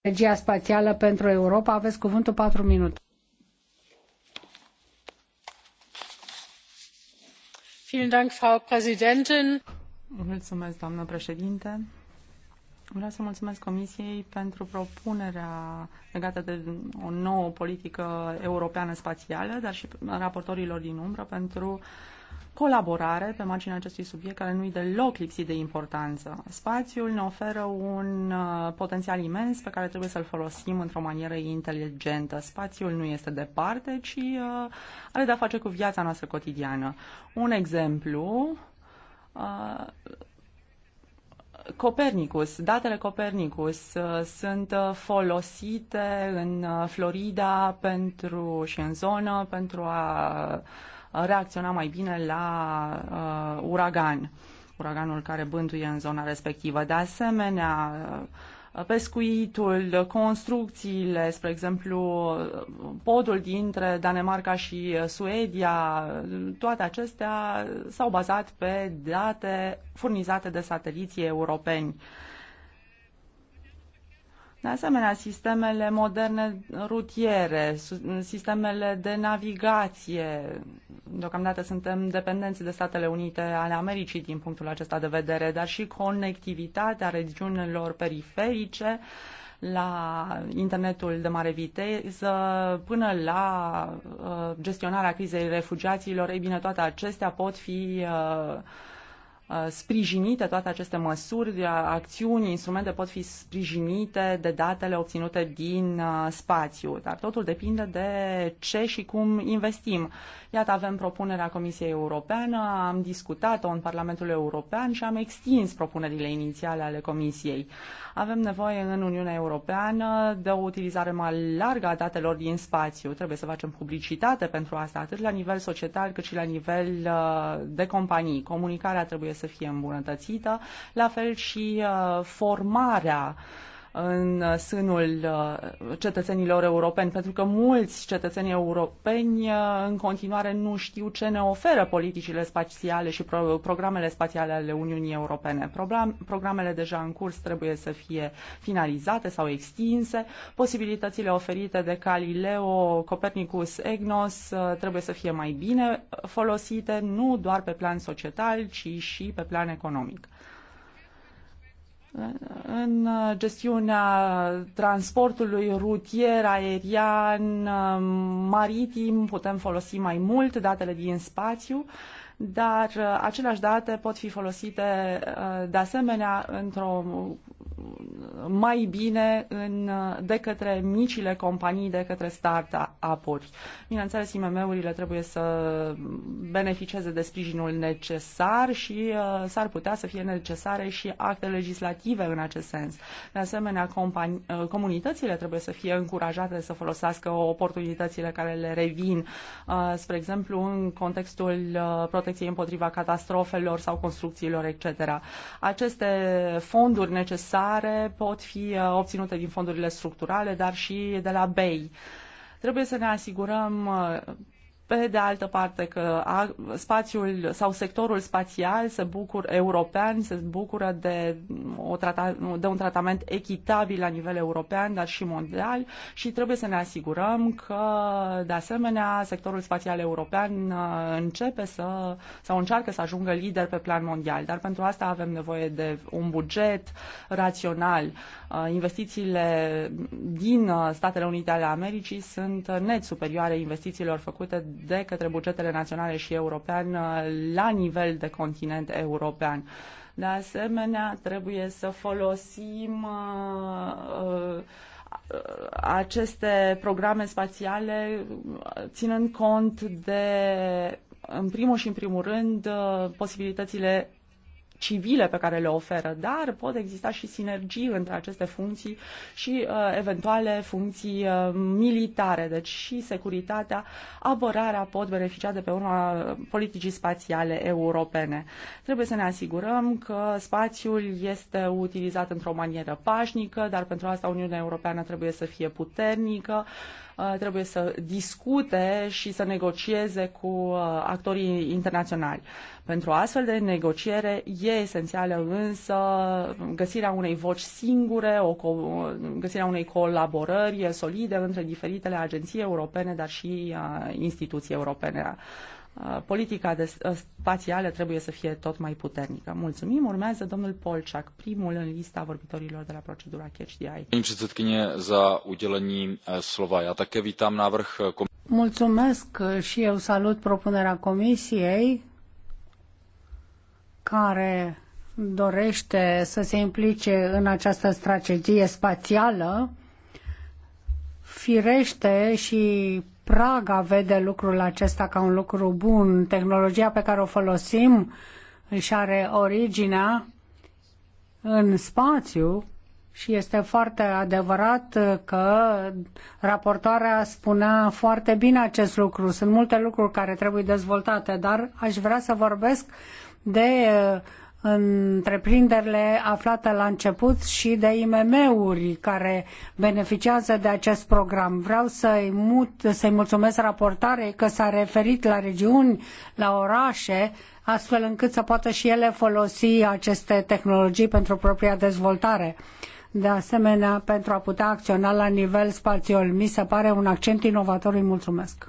strategia spațială pentru Europa. Aveți cuvântul 4 minute. Mulțumesc, doamnă președinte. Vreau să mulțumesc Comisiei pentru propunerea legată de o nouă politică europeană spațială, dar și raportorilor din umbră pentru uh, colaborare pe marginea acestui subiect care nu-i deloc lipsit de importanță. Spațiul ne oferă un uh, potențial imens pe care trebuie să-l folosim într-o manieră inteligentă. Spațiul nu este departe, ci uh, are de-a face cu viața noastră cotidiană. Un exemplu, uh, Copernicus, datele Copernicus sunt folosite în Florida pentru și în zonă pentru a reacționa mai bine la uh, uragan, uraganul care bântuie în zona respectivă. De asemenea, uh, pescuitul, construcțiile, spre exemplu, podul dintre Danemarca și Suedia, toate acestea s-au bazat pe date furnizate de sateliții europeni. Uh, de asemenea, sistemele moderne rutiere, sistemele de navigație, deocamdată suntem dependenți de Statele Unite ale Americii din punctul acesta de vedere, dar și conectivitatea regiunilor periferice la internetul de mare viteză până la uh, gestionarea crizei refugiaților, ei bine, toate acestea pot fi uh, Uh, sprijinite toate aceste măsuri, uh, acțiuni, instrumente pot fi sprijinite de datele obținute din uh, spațiu, dar totul depinde de ce și cum investim. Iată, avem propunerea Comisiei Europeană, am discutat-o în Parlamentul European și am extins propunerile inițiale ale Comisiei. Avem nevoie în Uniunea Europeană de o utilizare mai largă a datelor din spațiu. Trebuie să facem publicitate pentru asta, atât la nivel societal cât și la nivel de companii. Comunicarea trebuie să fie îmbunătățită, la fel și uh, formarea uh, în uh, sânul uh, cetățenilor europeni, pentru că mulți cetățeni europeni uh, în continuare nu știu ce ne oferă politicile spațiale și programele spațiale ale Uniunii Europene. programele deja în curs trebuie să fie finalizate sau extinse, posibilitățile oferite de Galileo, Copernicus, EGNOS trebuie să fie mai bine folosite, nu doar pe plan societal, ci și pe plan economic în gestiunea transportului rutier, aerian, maritim, putem folosi mai mult datele din spațiu, dar aceleași date pot fi folosite de asemenea într-o mai bine în, de către micile companii, de către start-up-uri. Bineînțeles, IMM-urile trebuie să beneficieze de sprijinul necesar și uh, s-ar putea să fie necesare și acte legislative în acest sens. De asemenea, compani- uh, comunitățile trebuie să fie încurajate să folosească oportunitățile care le revin, uh, spre exemplu, în contextul uh, protecției împotriva catastrofelor sau construcțiilor, etc. Aceste fonduri necesare care pot fi uh, obținute din fondurile structurale, dar și de la BEI. Trebuie să ne asigurăm uh, pe de altă parte că spațiul sau sectorul spațial se bucură european, se bucură de, o trata, de un tratament echitabil la nivel european, dar și mondial și trebuie să ne asigurăm că, de asemenea, sectorul spațial european uh, începe să, sau încearcă să ajungă lider pe plan mondial. Dar pentru asta avem nevoie de un buget rațional, Investițiile din Statele Unite ale Americii sunt net superioare investițiilor făcute de către bugetele naționale și european la nivel de continent european. De asemenea, trebuie să folosim aceste programe spațiale ținând cont de, în primul și în primul rând, posibilitățile civile pe care le oferă, dar pot exista și sinergii între aceste funcții și uh, eventuale funcții uh, militare, deci și securitatea, apărarea pot beneficia de pe urma politicii spațiale europene. Trebuie să ne asigurăm că spațiul este utilizat într-o manieră pașnică, dar pentru asta Uniunea Europeană trebuie să fie puternică, uh, Uh, trebuie să discute și să negocieze cu uh, actorii internaționali. Pentru astfel de negociere e esențială însă găsirea unei voci singure, o găsirea unei colaborări solide între diferitele agenții europene, dar și uh, instituții europene. Uh, politica de, uh, spațială trebuie să fie tot mai puternică. Mulțumim. Urmează domnul Polciac, primul în lista vorbitorilor de la procedura CHDI. the za udělení uh, slova. Já také vítám návrh Mulțumesc și eu salut propunerea comisiei care dorește să se implice în această strategie spațială firește și Praga vede lucrul acesta ca un lucru bun. Tehnologia pe care o folosim își are originea în spațiu și este foarte adevărat că raportoarea spunea foarte bine acest lucru. Sunt multe lucruri care trebuie dezvoltate, dar aș vrea să vorbesc de întreprinderile aflate la început și de IMM-uri care beneficiază de acest program. Vreau să-i, mut, să mulțumesc raportarei că s-a referit la regiuni, la orașe, astfel încât să poată și ele folosi aceste tehnologii pentru propria dezvoltare. De asemenea, pentru a putea acționa la nivel spațial. Mi se pare un accent inovator. Îi mulțumesc.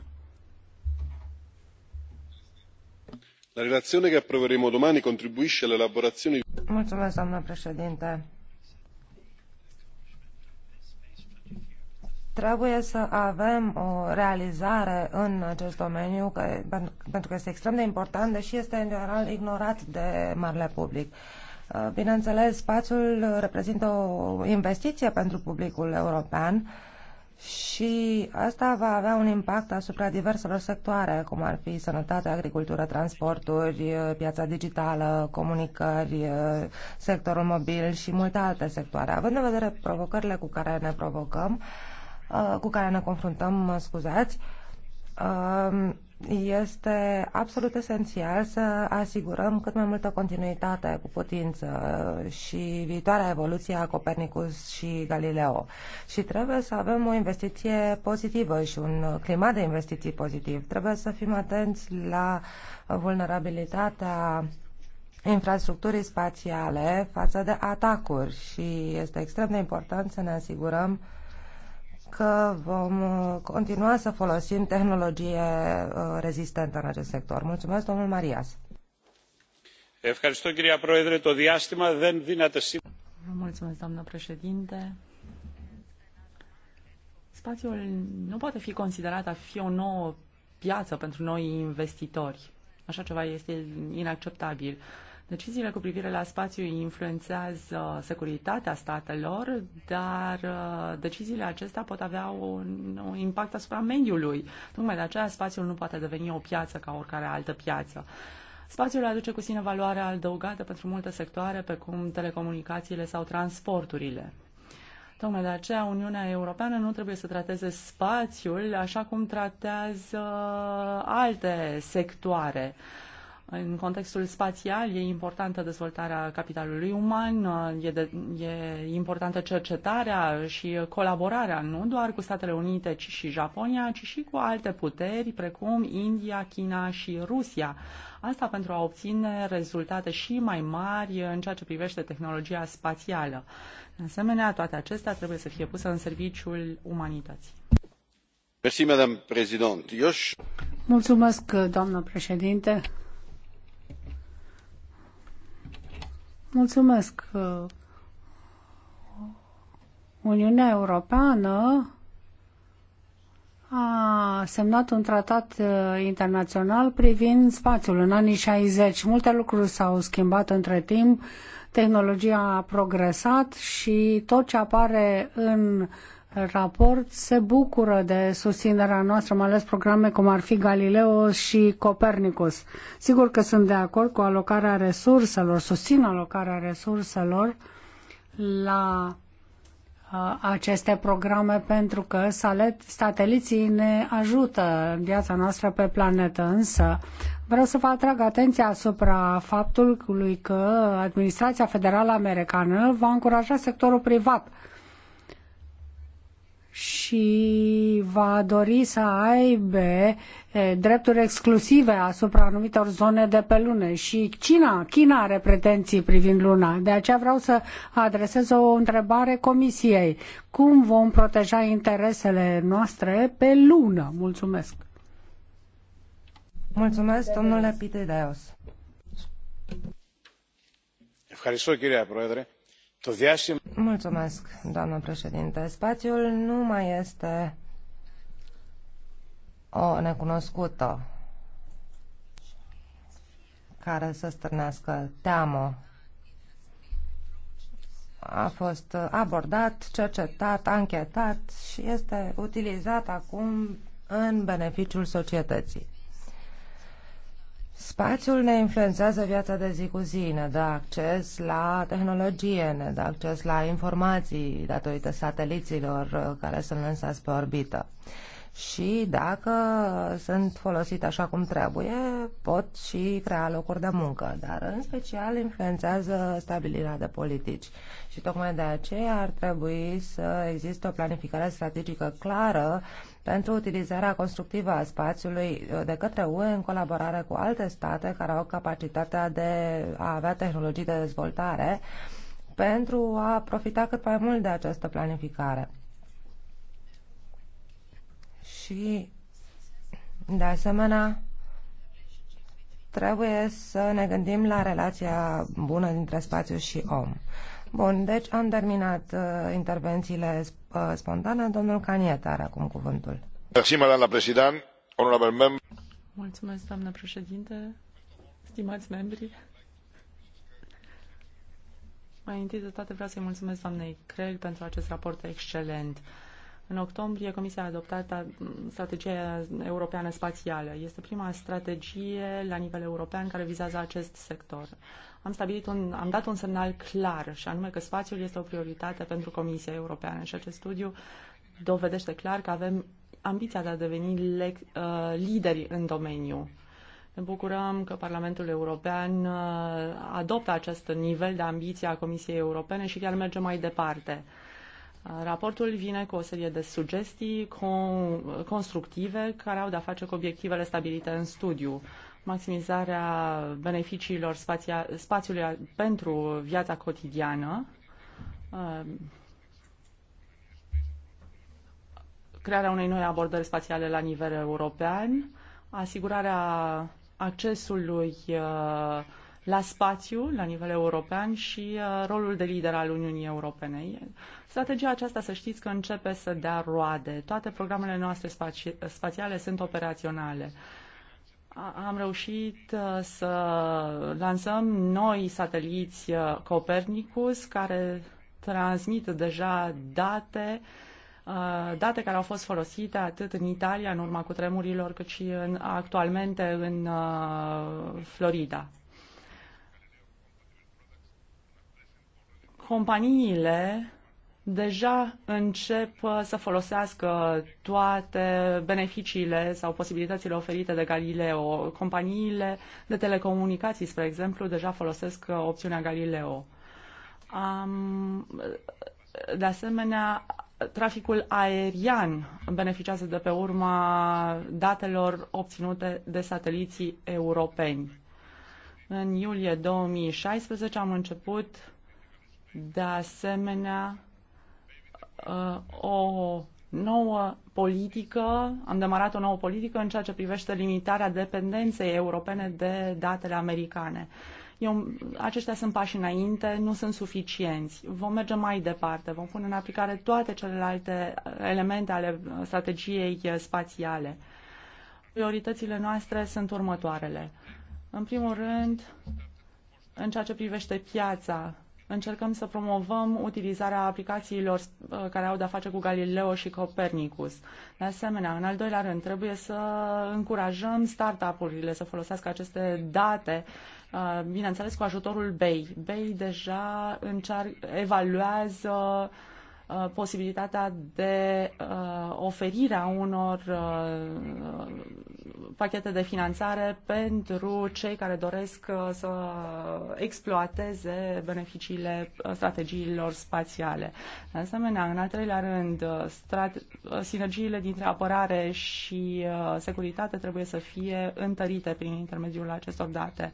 la relazione che approveremo domani contribuisce all'elaborazione. doamnă președinte trebuie să avem o realizare în acest domeniu că, pentru că este extrem de important, deși este în general ignorat de marele public. Bineînțeles, spațiul reprezintă o investiție pentru publicul european și asta va avea un impact asupra diverselor sectoare, cum ar fi sănătate, agricultură, transporturi, eh, piața digitală, comunicări, eh, sectorul mobil și multe alte sectoare. Având în vedere provocările cu care ne provocăm, eh, cu care ne confruntăm, scuzați, Um, este absolut esențial să asigurăm cât mai multă continuitate cu putință și viitoarea evoluție a Copernicus și Galileo. Și trebuie să avem o investiție pozitivă și un climat de investiții pozitiv. Trebuie să fim atenți la vulnerabilitatea infrastructurii spațiale față de atacuri și este extrem de important să ne asigurăm uh, că vom uh, continua să folosim tehnologie uh, rezistentă în acest sector. Mulțumesc, domnul Marias. Mulțumesc, doamnă președinte. Spațiul nu poate fi considerat a fi o nouă piață pentru noi investitori. Așa ceva este inacceptabil. Deciziile cu privire la spațiu influențează securitatea statelor, dar uh, deciziile acestea pot avea un, un impact asupra mediului. Tocmai de aceea spațiul nu poate deveni o piață ca oricare altă piață. Spațiul aduce cu sine valoare adăugată pentru multe sectoare, pe cum telecomunicațiile sau transporturile. Tocmai de aceea Uniunea Europeană nu trebuie să trateze spațiul așa cum tratează alte sectoare. Uh, în contextul spațial e importantă dezvoltarea capitalului uman, e, de, e importantă cercetarea și colaborarea nu doar cu Statele Unite ci și Japonia, ci și cu alte puteri precum India, China și Rusia. Asta pentru a obține rezultate și mai mari în ceea ce privește tehnologia spațială. De asemenea, toate acestea trebuie să fie puse în serviciul umanității. Mulțumesc, doamnă președinte Mulțumesc. Uh, Uniunea Europeană a semnat un tratat uh, internațional privind spațiul în anii 60. Multe lucruri s-au schimbat între timp, tehnologia a progresat și tot ce apare în raport se bucură de susținerea noastră, mai ales programe cum ar fi Galileo și Copernicus. Sigur că sunt de acord cu alocarea resurselor, susțin alocarea resurselor la uh, aceste programe pentru că sateliții ne ajută în viața noastră pe planetă, însă vreau să vă atrag atenția asupra faptului că administrația federală americană va încuraja sectorul privat și va dori să aibă eh, drepturi exclusive asupra anumitor zone de pe lună și China, China are pretenții privind luna. De aceea vreau să adresez o întrebare comisiei. Cum vom proteja interesele noastre pe lună? Mulțumesc. Mulțumesc, domnule Pitedeos. Ευχαριστώ, κυρία Πρόεδρε. Mulțumesc, doamnă președinte. Spațiul nu mai este o necunoscută care să stârnească teamă. A fost abordat, cercetat, anchetat și este utilizat acum în beneficiul societății. Spațiul ne influențează viața de zi cu zi, ne dă acces la tehnologie, ne dă acces la informații datorită sateliților uh, care sunt lansați pe orbită și dacă sunt folosite așa cum trebuie, pot și crea locuri de muncă, dar în special influențează stabilirea de politici. Și tocmai de aceea ar trebui să existe o planificare strategică clară pentru utilizarea constructivă a spațiului de către UE în colaborare cu alte state care au capacitatea de a avea tehnologii de dezvoltare pentru a profita cât mai mult de această planificare. Și, de asemenea, trebuie să ne gândim la relația bună dintre spațiu și om. Bun, deci am terminat uh, intervențiile sp- uh, spontane. Domnul Caniet are acum cuvântul. Mulțumesc, doamnă președinte, stimați membri. Mai întâi de toate vreau să-i mulțumesc doamnei Craig pentru acest raport excelent. Uh, în octombrie, Comisia a adoptat strategia europeană spațială. Este prima strategie la nivel european care vizează acest sector. Am, stabilit un, am dat un semnal clar și anume că spațiul este o prioritate pentru Comisia Europeană și acest studiu dovedește clar că avem ambiția de a deveni le, uh, lideri în domeniu. Ne bucurăm că Parlamentul European uh, adoptă acest nivel de ambiție a Comisiei Europene și chiar merge mai departe. Raportul vine cu o serie de sugestii constructive care au de-a face cu obiectivele stabilite în studiu maximizarea beneficiilor spația, spațiului pentru viața cotidiană, uh, crearea unei noi abordări spațiale la nivel european, asigurarea accesului uh, la spațiu, la nivel european și uh, rolul de lider al Uniunii Europene. Strategia aceasta, să știți că începe să dea roade. Toate programele noastre spați spațiale sunt operaționale. Am reușit uh, să lansăm noi sateliți uh, Copernicus care transmit deja date date care au fost folosite atât în Italia în urma cutremurilor cât și în, actualmente în Florida. companiile deja încep uh, să folosească toate beneficiile sau posibilitățile oferite de Galileo. Companiile de telecomunicații, spre exemplu, deja folosesc uh, opțiunea Galileo. Um, de asemenea, traficul aerian beneficiază de pe urma datelor obținute de sateliții europeni. În iulie 2016 am început de asemenea uh, o nouă politică, am demarat o nouă politică în ceea ce privește limitarea dependenței europene de datele americane. Eu, aceștia sunt pași înainte, nu sunt suficienți. Vom merge mai departe, vom pune în aplicare toate celelalte uh, elemente ale uh, strategiei spațiale. Prioritățile noastre sunt următoarele. În primul rând, în ceea ce privește piața încercăm să promovăm utilizarea aplicațiilor uh, care au de-a face cu Galileo și Copernicus. De asemenea, în al doilea rând, trebuie să încurajăm startup-urile să folosească aceste date uh, bineînțeles cu ajutorul BEI. BEI deja încear- evaluează uh, posibilitatea de uh, oferirea unor uh, pachete de finanțare pentru cei care doresc uh, să exploateze beneficiile uh, strategiilor spațiale. De asemenea, în al treilea rând, uh, sinergiile dintre apărare și securitate trebuie să fie întărite prin intermediul acestor date.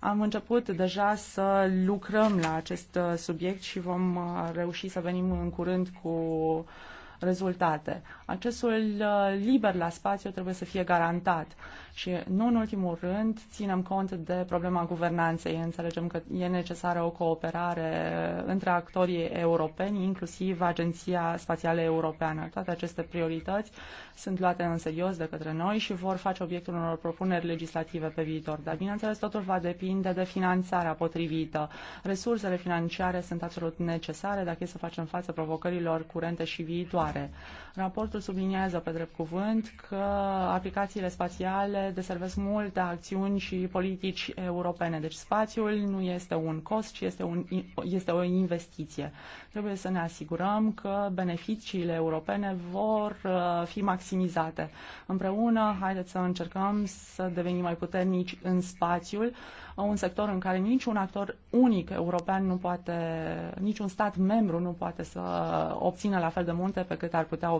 Am început deja să lucrăm la acest subiect și vom reuși să venim în curând cu uh, rezultate. Accesul uh, liber la spațiu trebuie să fie garantat și, nu în ultimul rând, ținem cont de problema guvernanței. Înțelegem că e necesară o cooperare între actorii europeni, inclusiv Agenția Spațială Europeană. Toate aceste priorități sunt luate în serios de către noi și vor face obiectul unor propuneri legislative pe viitor. Dar, bineînțeles, totul va depinde de finanțarea potrivită. Resursele financiare sunt absolut necesare dacă e să facem față provocărilor curente și viitoare viitoare. Raportul subliniază pe drept cuvânt că aplicațiile spațiale deservesc multe acțiuni și politici europene. Deci spațiul nu este un cost, ci este, un, este o investiție. Trebuie să ne asigurăm că beneficiile europene vor uh, fi maximizate. Împreună, haideți să încercăm să devenim mai puternici în spațiul, un sector în care niciun actor unic european nu poate, niciun stat membru nu poate să obțină la fel de multe pe cât ar putea